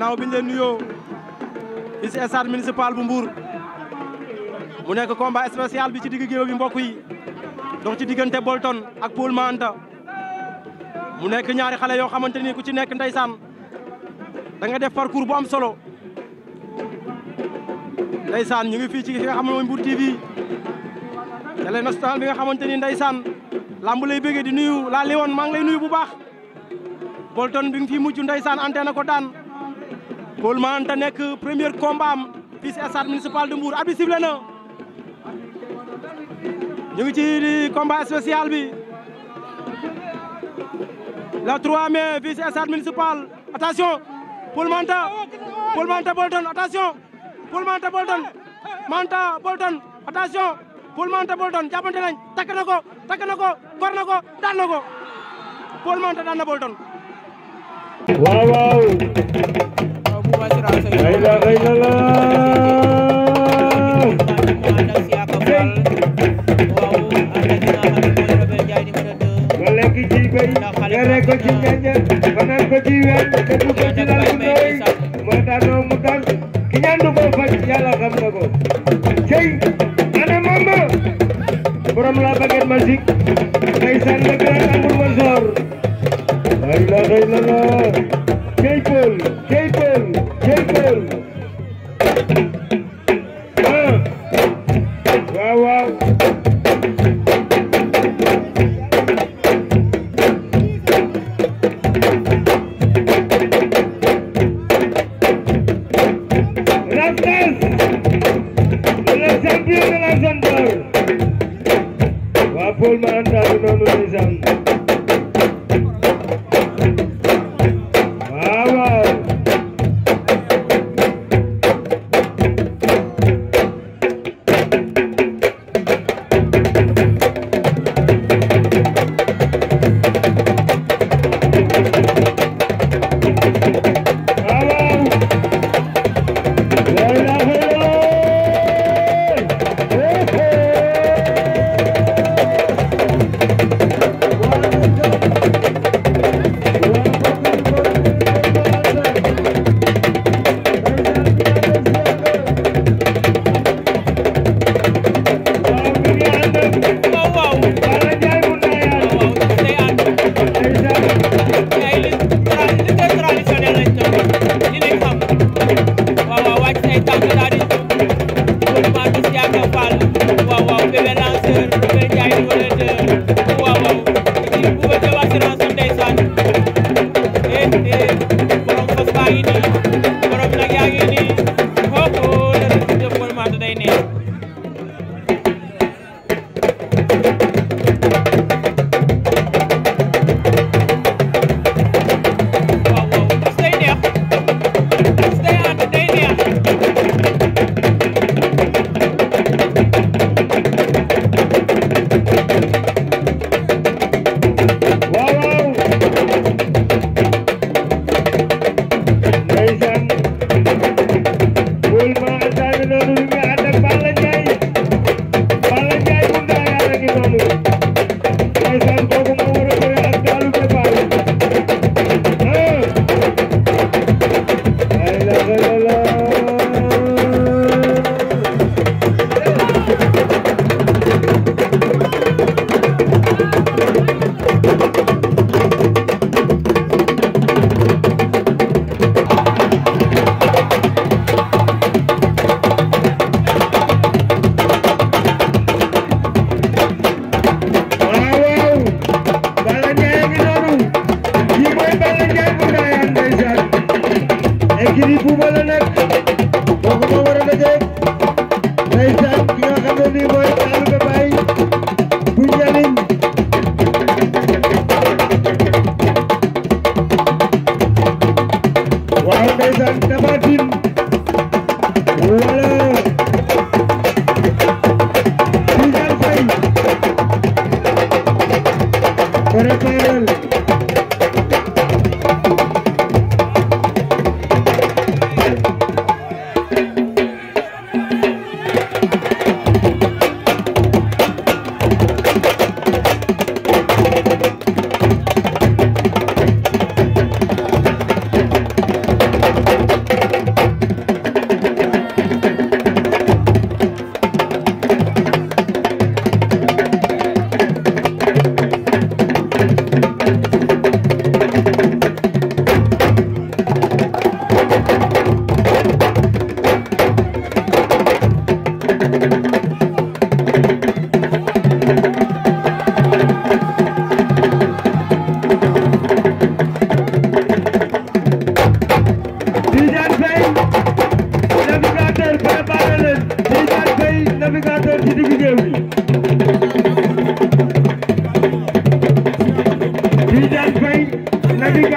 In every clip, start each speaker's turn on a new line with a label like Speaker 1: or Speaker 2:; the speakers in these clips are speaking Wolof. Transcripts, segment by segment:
Speaker 1: naaw biñ leen nuyoo fii si stade municipal bu Mbour mu nekk combat spécial bi ci digg géew bi mbokk yi dox ci diggante Bolton ak Paul Manta mu nekk ñaari xale yoo xamante ni ku ci nekk ndeysaan da nga def parcours bu am solo ndeysaan ñu ngi fii ci ki nga xam ne mooy Mbour TV télé national bi nga xamante ni ndeysaan lamb lay bëggee di nuyu laa li maa ngi lay nuyu bu baax Bolton bi nga fi mujj ndeysaan ante na ko daan Paul Manta nekk premier combat am fii si stade municipal de Mbour arbitre sifflé na ci combat spécial bi la 3 mai fii si stade municipal attention Paul Manta Paul Manta Bolton attention Paul Manta Bolton Manta nañ takk na ko takk na ko kor na ko daan na ko daan na Bolton
Speaker 2: waaw moo tax noonu mu daan ki ñaan du ko faj yàlla xam na ko করুণার Baby, écurie Buuba la nekk kooku moo war a dajeeg ndeysaan ki nga xam ne nii mooy Taalube Baay bu njëriñ waaw ndeysaan Tapha Tine wala Tidiane Faye préparel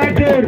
Speaker 2: acteur